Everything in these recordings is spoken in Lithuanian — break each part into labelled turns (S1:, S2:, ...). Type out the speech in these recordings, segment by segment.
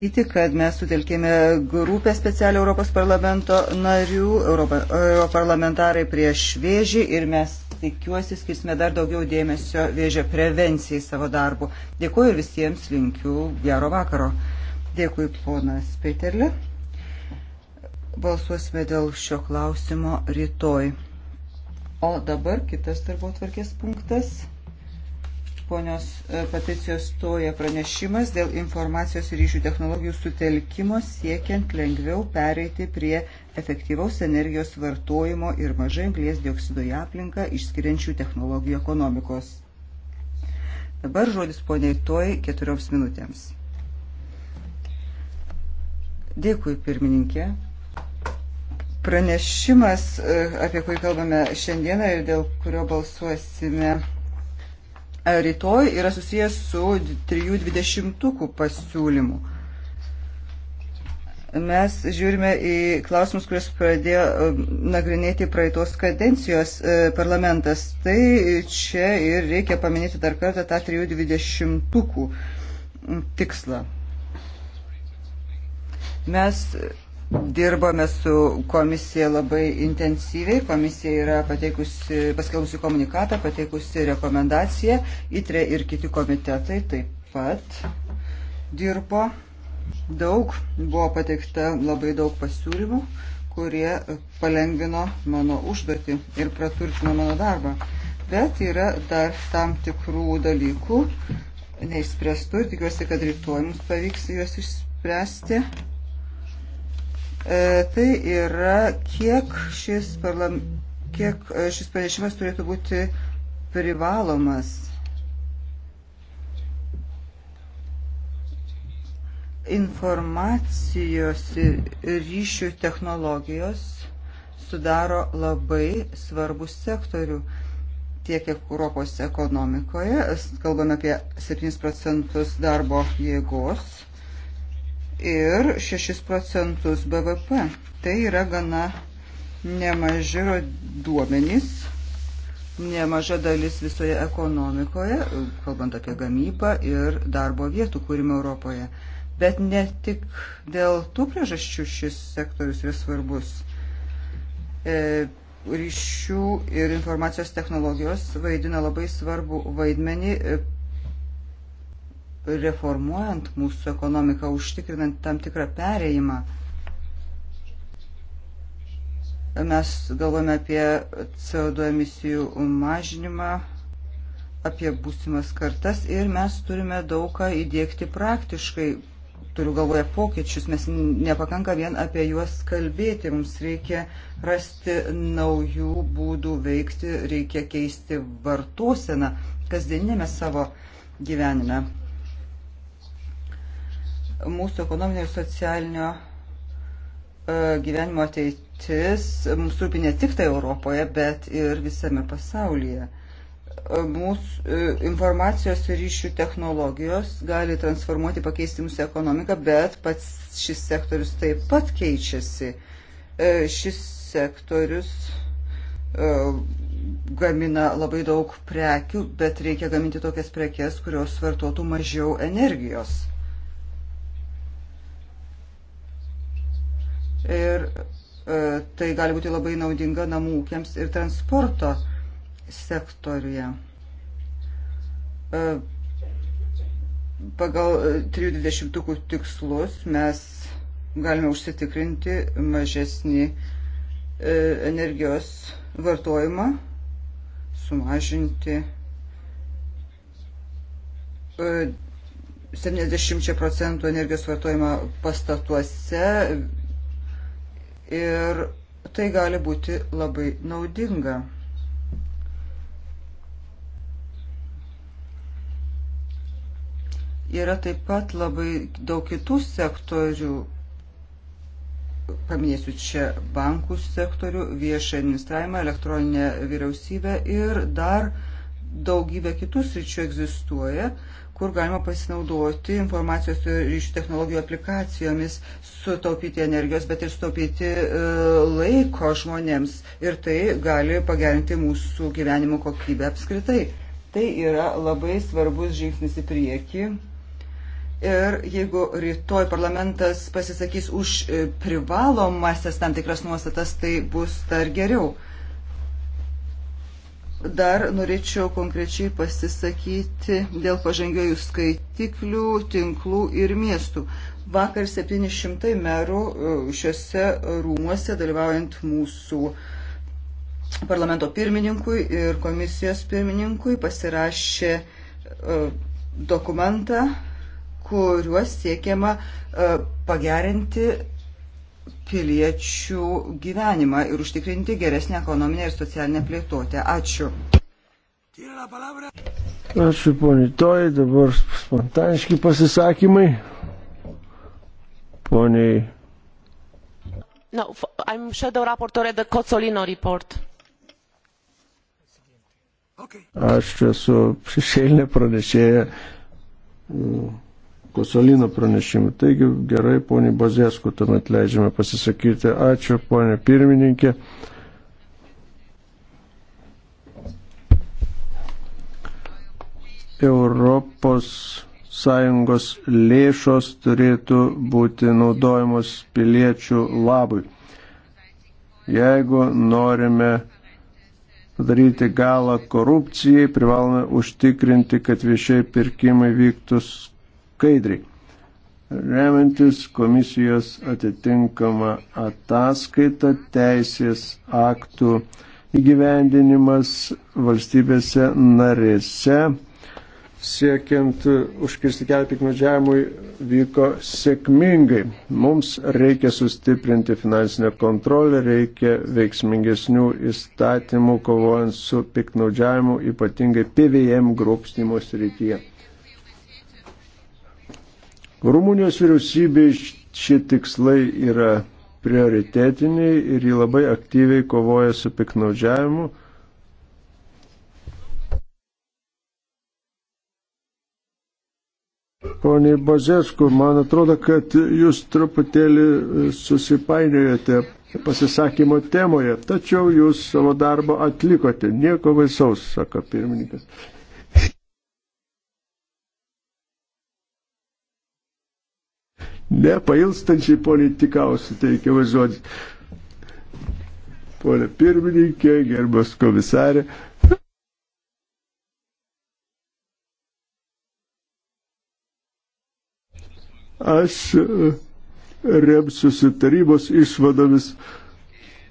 S1: pasakyti, kad mes sutelkėme grupę specialią Europos parlamento narių, europarlamentarai prieš vėžį ir mes tikiuosi skirsime dar daugiau dėmesio vėžio prevencijai savo darbu. Dėkuoju ir visiems linkiu gero vakaro. Dėkui ponas Peterle. Balsuosime dėl šio klausimo rytoj. O dabar kitas darbo tvarkės punktas ponios e, Patricijos Toja pranešimas dėl informacijos ir ryšių technologijų sutelkimo siekiant lengviau pereiti prie efektyvaus energijos vartojimo ir mažai anglies dioksido į aplinką išskiriančių technologijų ekonomikos. Dabar žodis poniai Toja keturioms minutėms. Dėkui, pirmininkė pranešimas, e, apie kurį kalbame šiandieną ir dėl kurio balsuosime rytoj yra susijęs su 3.20 pasiūlymu. Mes žiūrime į klausimus, kuriuos pradėjo um, nagrinėti praeitos kadencijos e, parlamentas. Tai čia ir reikia paminėti dar kartą tą 3.20 tikslą. Mes Dirbame su komisija labai intensyviai. Komisija yra pateikusi, paskelbusi komunikatą, pateikusi rekomendaciją. ITRE ir kiti komitetai taip pat dirbo daug. Buvo pateikta labai daug pasiūlymų, kurie palengvino mano užduotį ir praturtino mano darbą. Bet yra dar tam tikrų dalykų neišspręstų ir tikiuosi, kad rytoj mums pavyks juos išspręsti E, tai yra, kiek šis, parlam, kiek e, šis pranešimas turėtų būti privalomas. Informacijos ir ryšių technologijos sudaro labai svarbų sektorių tiek Europos ekonomikoje. Kalbame apie 7 procentus darbo jėgos ir 6 procentus BVP. Tai yra gana nemaži duomenys, nemaža dalis visoje ekonomikoje, kalbant apie gamybą ir darbo vietų kūrimą Europoje. Bet ne tik dėl tų priežasčių šis sektorius yra svarbus. E, ryšių ir informacijos technologijos vaidina labai svarbu vaidmenį reformuojant mūsų ekonomiką, užtikrinant tam tikrą perėjimą. Mes galvojame apie CO2 emisijų mažinimą, apie būsimas kartas ir mes turime daug ką įdėkti praktiškai. Turiu galvoje pokyčius, mes nepakanka vien apie juos kalbėti, mums reikia rasti naujų būdų veikti, reikia keisti vartoseną kasdienėme savo gyvenime mūsų ekonominio ir socialinio e, gyvenimo ateitis mums rūpi ne tik tai Europoje, bet ir visame pasaulyje. E, mūsų e, informacijos ir ryšių technologijos gali transformuoti, pakeisti mūsų ekonomiką, bet pats šis sektorius taip pat keičiasi. Šis sektorius gamina labai daug prekių, bet reikia gaminti tokias prekes, kurios vartotų mažiau energijos ir e, tai gali būti labai naudinga namų ūkiams ir transporto sektoriuje. E, pagal 320 tikslus mes galime užsitikrinti mažesnį e, energijos vartojimą, sumažinti 70 procentų energijos vartojimą pastatuose, ir tai gali būti labai naudinga. Yra taip pat labai daug kitų sektorių, paminėsiu čia bankų sektorių, viešą administravimą, elektroninę vyriausybę ir dar uh, daugybė kitų sričių egzistuoja, kur galima pasinaudoti informacijos ryšių technologijų aplikacijomis, sutaupyti energijos, bet ir sutaupyti e, laiko žmonėms. Ir tai gali pagerinti mūsų gyvenimo kokybę apskritai. Tai yra labai svarbus žingsnis į priekį. Ir jeigu rytoj parlamentas pasisakys už e, privalomasias tam tikras nuostatas, tai bus dar geriau. Dar norėčiau konkrečiai pasisakyti dėl pažangiojų skaitiklių, tinklų ir miestų. Vakar 700 merų e, šiuose rūmuose dalyvaujant mūsų parlamento pirmininkui ir komisijos pirmininkui pasirašė e, dokumentą, kuriuos siekiama e, pagerinti piliečių gyvenimą ir užtikrinti geresnę ekonominę ir socialinę plėtotę. Ačiū.
S2: Ačiū ponitoj, dabar spontaniški pasisakymai. Poniai. No, I'm shadow raportorė the Cozzolino report. Aš esu šešėlinė pranešėja. Mm Kosolino pranešimų. Taigi gerai, poniai Bazėsku, tuomet leidžiame pasisakyti. Ačiū, ponė pirmininkė. Europos Sąjungos lėšos turėtų būti naudojamos piliečių labui. Jeigu norime padaryti galą korupcijai, privalome užtikrinti, kad viešiai pirkimai vyktų skaidriai. Remiantis komisijos atitinkama ataskaita teisės aktų įgyvendinimas valstybėse narėse siekiant užkirsti kelią piknadžiavimui vyko sėkmingai. Mums reikia sustiprinti finansinę kontrolę, reikia veiksmingesnių įstatymų kovojant su piknadžiavimu, ypatingai PVM grobstimo srityje. Rumunijos vyriausybė šie tikslai yra prioritetiniai ir jį labai aktyviai kovoja su piknaudžiavimu. Pone Bazesku, man atrodo, kad jūs truputėlį e, susipainiojote pasisakymo temoje, tačiau jūs savo darbą atlikote. Nieko baisaus, sako pirmininkas. nepailstančiai politikausi, teikiamas žodis. Pone pirmininkė, gerbos komisarė. Aš e, remsiuosi tarybos išvadomis,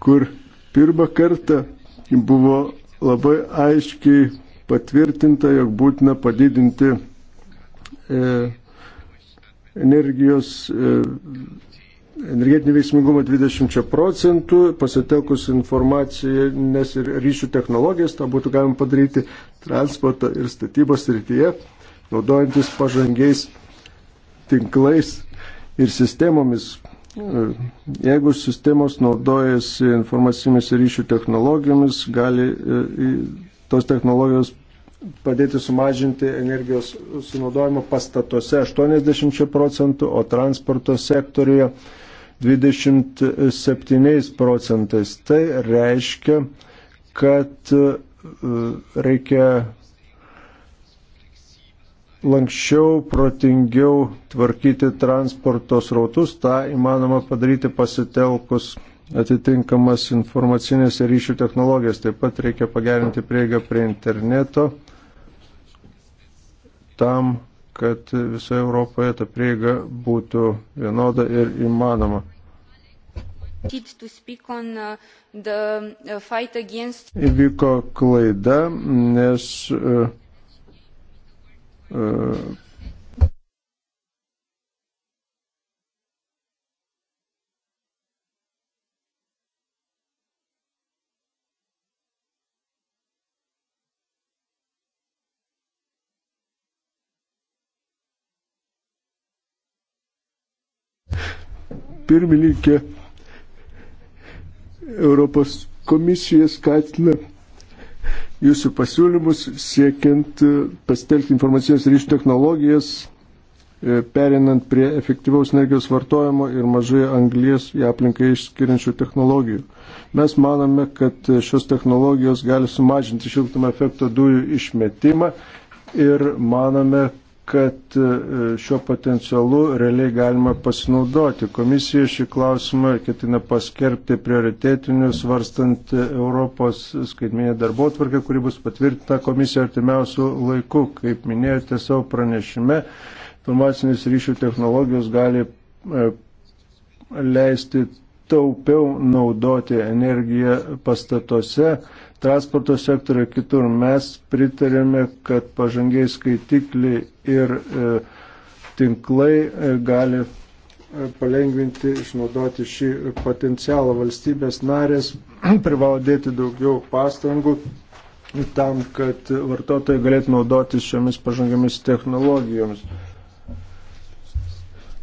S2: kur pirmą kartą buvo labai aiškiai patvirtinta, jog būtina padidinti e, energijos, e, energetinį veiksmingumą 20 procentų, pasitelkus informaciją, nes ir ryšių technologijas, tą būtų galima padaryti transporto ir statybos srityje, naudojantis pažangiais tinklais ir sistemomis. E, jeigu sistemos naudojasi informacinėmis ryšių technologijomis, gali e, tos technologijos padėti sumažinti energijos sunaudojimo pastatuose 80 procentų, o transporto sektoriuje 27 procentais. Tai reiškia, kad e, reikia lankščiau, protingiau tvarkyti transporto srautus, tą įmanoma padaryti pasitelkus atitinkamas informacinės ir ryšių technologijas. Taip pat reikia pagerinti prieigą prie interneto tam, kad visoje Europoje ta prieiga būtų vienoda ir įmanoma.
S1: Against...
S2: Įvyko klaida, nes uh, uh, pirmininkė, Europos komisija skatina jūsų pasiūlymus siekiant e, pasitelkti informacijos ryšių technologijas, e, perinant prie efektyvaus energijos vartojimo ir mažai anglies į aplinką išskiriančių technologijų. Mes manome, kad šios technologijos gali sumažinti šiltumo efekto dujų išmetimą ir manome, kad e, šiuo potencialu realiai galima pasinaudoti. Komisija šį klausimą ketina paskelbti prioritetiniu, svarstant Europos skaitminę darbo tvarkę, kuri bus patvirtinta komisija artimiausių laikų. Kaip minėjote savo pranešime, informacinės ryšių technologijos gali e, leisti taupiau naudoti energiją pastatuose, transporto sektoriuje, kitur. Mes pritarėme, kad pažangiai skaitikliai ir e, tinklai e, gali e, palengvinti, išnaudoti šį potencialą. Valstybės narės privalo dėti daugiau pastangų tam, kad vartotojai galėtų naudotis šiomis pažangiamis technologijomis.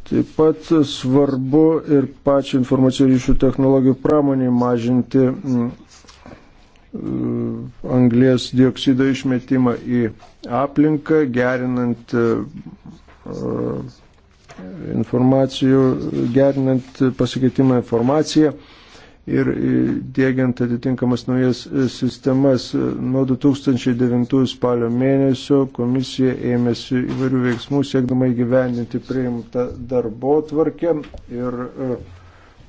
S2: Taip pat svarbu ir pačią informacijų ryšių technologijų pramonį mažinti mm, e, anglės dioksido išmetimą į aplinką, gerinant e, e, informacijų, gerinant pasikeitimą informaciją ir e, dėgiant atitinkamas naujas e, sistemas. E, nuo 2009 spalio mėnesio komisija ėmėsi įvairių veiksmų, siekdama įgyvendinti priimtą darbo tvarkę. Ir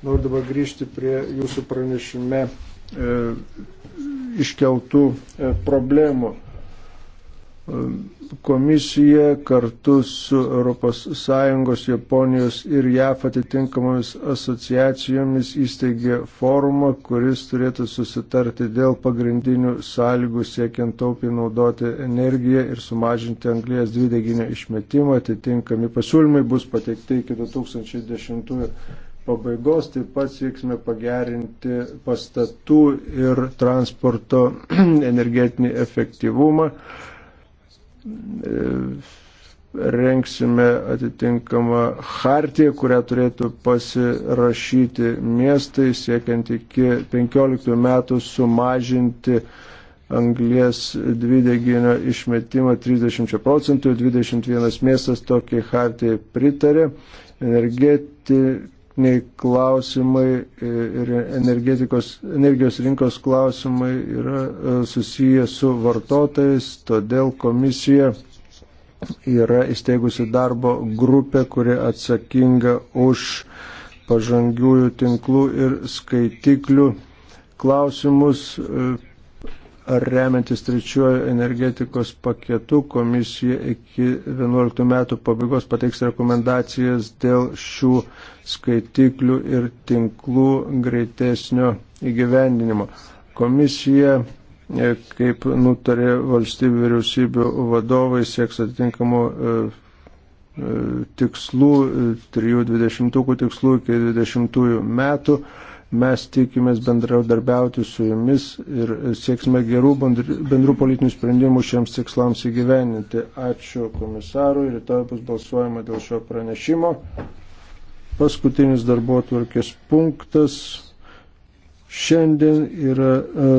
S2: noriu dabar grįžti prie jūsų pranešime iškeltų problemų Komisija kartu su ES, Japonijos ir JAF atitinkamomis asociacijomis įsteigė forumą, kuris turėtų susitarti dėl pagrindinių sąlygų siekiant taupiai naudoti energiją ir sumažinti anglijas dvideginio išmetimą. Atitinkami pasiūlymai bus pateikti iki 2010 pabaigos taip pat sieksime pagerinti pastatų ir transporto energetinį efektyvumą. E, rengsime atitinkamą hartiją, kurią turėtų pasirašyti miestai, siekiant iki 15 metų sumažinti anglės dvideginio išmetimą 30 procentų, 21 miestas tokiai hartijai pritarė. Energeti, nei klausimai ir energijos rinkos klausimai yra e, susiję su vartotojais, todėl komisija yra įsteigusi darbo grupę, kuri atsakinga už pažangiųjų tinklų ir skaitiklių klausimus e, remiantis trečiuoju energetikos paketu, komisija iki 11 metų pabaigos pateiks rekomendacijas dėl šių skaitiklių ir tinklų greitesnio įgyvendinimo. Komisija, e, kaip nutarė valstybių vyriausybių vadovai, sieks atitinkamų e, e, tikslų, 3.20 tikslų iki 20 metų. Mes tikimės bendraudarbiauti su jumis ir sieksime gerų bendrų politinių sprendimų šiems tikslams įgyveninti. Ačiū komisarui, rytoj bus balsuojama dėl šio pranešimo. Paskutinis darbo tvarkės punktas šiandien yra.
S1: E,